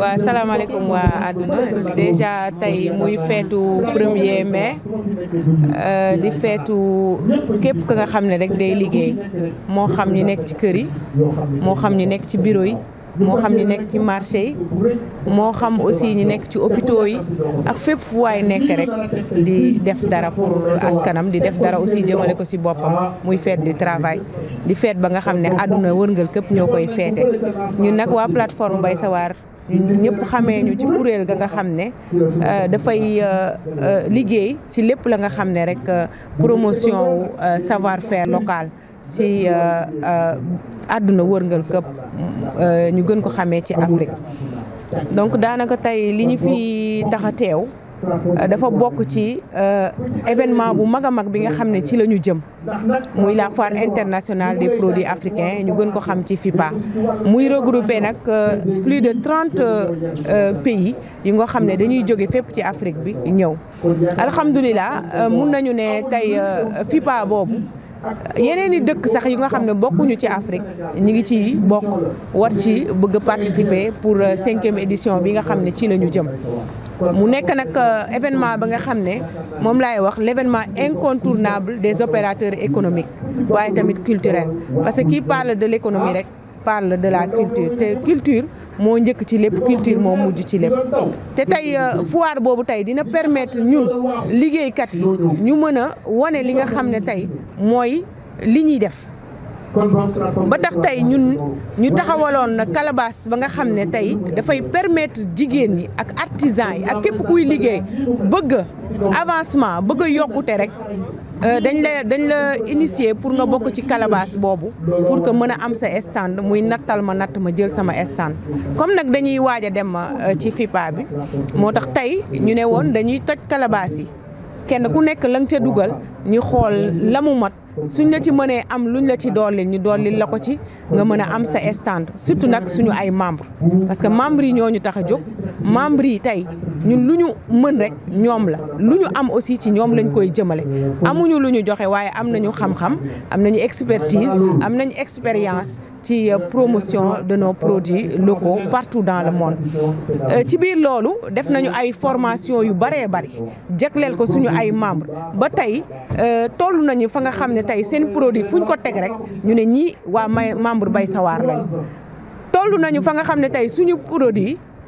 salam salaamaaleykum wa aduna deja tay muy feetu premier mai euh, di fetu kep ka nga xamne rek day liggey mo xam ñi nek ci kër yi mo xam ñi nek ci bureau yi mo xam nek ci marché yi mo xam aussi nek ci hôpitaux yi ak fep way nek rek di def dara pour askanam di def dara aussi jëmele ko ci bopam muy fête du travail di fête ba nga xamne aduna àdduna wërngal képp ñoo ñun nak wa plateforme Bay sawar ñëpp xamee ñu ci kuréel ga nga xam ne euh, dafay euh, euh, liggéey ci lépp la nga xam ne rek promotion wu savoir fair local si àdduna wërngal këpp ñu gën ko xamee ci Afrique donc daanaka tey li ñu fi tax a teew dafa bokk ci euh, événement bu mag a mag bi nga xam ne ci la ñu jëm muy la foire internationale des produits africains ñu gën ko xam ci FIPA muy regroupé nag euh, plus de trente euh, pays yi nga xam ne dañuy jóge fépp ci Afrique bi ñëw alhamdulilah mun nañu ne tey FIPA boobu yeneen i dëkk sax yu nga xam ne bokkuñu ci Afrique ñu ngi ci bokk war ci bëgg participer pour euh, cinquième édition bi nga xam ne ci la jëm mu nekk nag euh, événement ba nga xam ne moom laay wax événement incontournable des opérateurs économiques waaye tamit culturels parce que qui parle de l'économie rek parle de la culture te culture moo njëkk ci lépp culture moo mujj ci lépp te tey euh, foire boobu tey dina permettre ñun liggéeykat yi ñu mën a wane li nga xam ne tey mooy li ñuy def ba tax tey ñun ñu taxawaloon na calebasse ba nga xam ne tey dafay permettre jigéen ñi ak artisan yi ak képp kuy liggéey bëgg avancement bëgg yokkute rek euh, dañ la dañ la initier pour nga bokk ci calebasse boobu pour que mën a am sa stand muy nattal ma natt ma jël sama stand comme nag dañuy waaj a dem euh, ci FIPA bi moo tax tey ñu ne woon dañuy toj calebasse yi kenn ku nekk la nga ca dugal ñu xool la mu mat ñu la ci mënee am ñu la ci dolli ñu dolli la ko ci nga mën a am sa stand surtout nag suñu ay membre parce que membre yi ñoo ñu tax a jóg membre yi tey ñun lu ñu mën rek ñoom la lu ñu am aussi ci ñoom lañ koy jëmale amuñu lu ñu joxe waaye am nañu xam-xam am nañu expertise am nañu expérience ci euh, promotion de nos produits locaux partout dans le monde euh, ci biir loolu def nañu ay formation yu bëree bari jagleel ko suñu ay membre ba tey euh, ne tay seen produit fuñ ko tek rek ñu ne ñi wa membre bay sawar lañ tollu nañu fa nga xamne tay suñu produit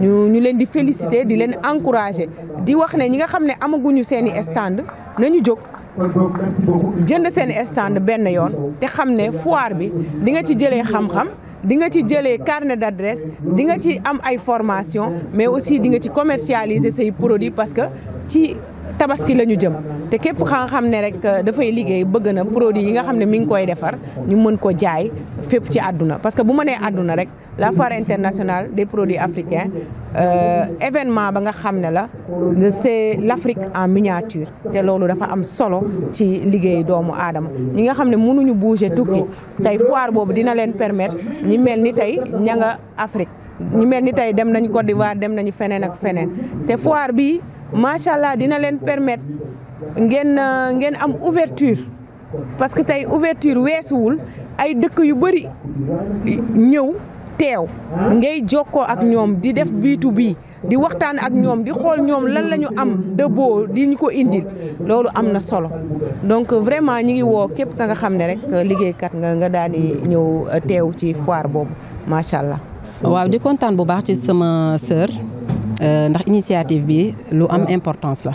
Nous les félicitons, nous féliciter di Nous encourager di wax ne stand nañu jënd seen stand ben yoon té xamné foire bi di nga ci carnet d'adresse di nga ci am formation mais aussi di nga commercialiser ces produits parce que tabaski lañu jëm te képp xam xam ne rek euh, fay liggéey bëgg na produit yi nga xamné mi ngi koy defar ñu mën ko jaay fépp ci aduna parce que bu ma aduna rek la foire internationale des produits africains euh, événement ba nga xamné la c'est l'Afrique en miniature té loolu dafa am solo ci liggéey doomu adam ñi nga xamné mënu ñu bouger tukki tay foire bobu dina leen permettre ñi mel tay ñanga nga Afrique ñi mel tay dem nañ Côte d'Ivoire dem nañ fenen ak fenen te foire bi macha allah dina leen permettre ngeen euh, ngeen am ouverture parce que tey ouverture weesuwul ay dëkk yu bëri ñëw teew ngay jokkoo ak ñoom di def biitu bii di waxtaan ak ñoom di xool ñoom lan la ñu am de di ñu ko indil loolu am na solo donc vraiment ñi ngi woo képp ka nga xam ne rek euh, liggéeykat nga nga daal di ñëw euh, teew ci foire boobu macha allah. waaw di kontaan bu baax ci sama sœur. Euh, ndax initiative bi lu am importance la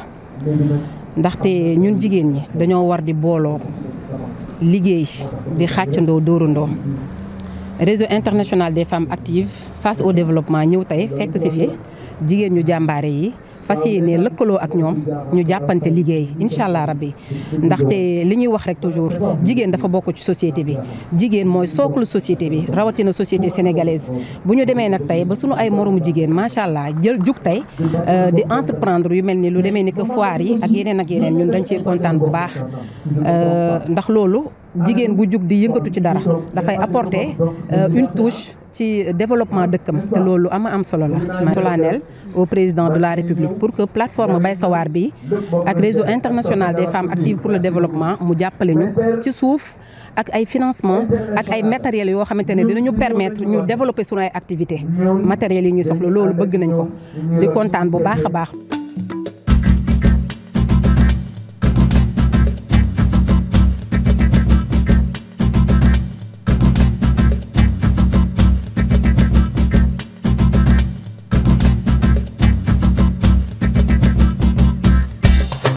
ndaxte ñun jigéen ñi dañoo war di booloo liggéey di xàccandoo dóorandoo réseau international des femmes actives face au développement ñëw tey fekk si fi jigéen ñu jàmbaare yi fas yéene lëkkaloo ak ñoom ñu jàppante liggéey incha allah rabbi ndaxte li ñuy wax rek toujours jigéen dafa bokk ci société bi jigéen mooy sooklu société bi rawatina société sénégalaise bu ñu demee nag tey ba suñu ay moromu jigéen macha allah jël jug tey euh, di entreprendre yu mel ni lu demee ni que foire yi ak yeneen ak yeneen ñun dañ ciy kontaan bu baax euh, ndax loolu jigéen bu jug di yëngatu ci dara dafay apporter euh, une touche ci développement dëkkam te loolu ama am solo la tolaaneel au président de la république pour que plateforme Bay sawar bi ak réseau international des femmes actives pour le développement mu jàppale ñu ci suuf ak ay financement ak ay matériels yoo xamante ne dinañu permettre ñu développer sunu ay activités matériels yi ñuy soxla loolu bëgg nañ ko di kontaan bu baax a baax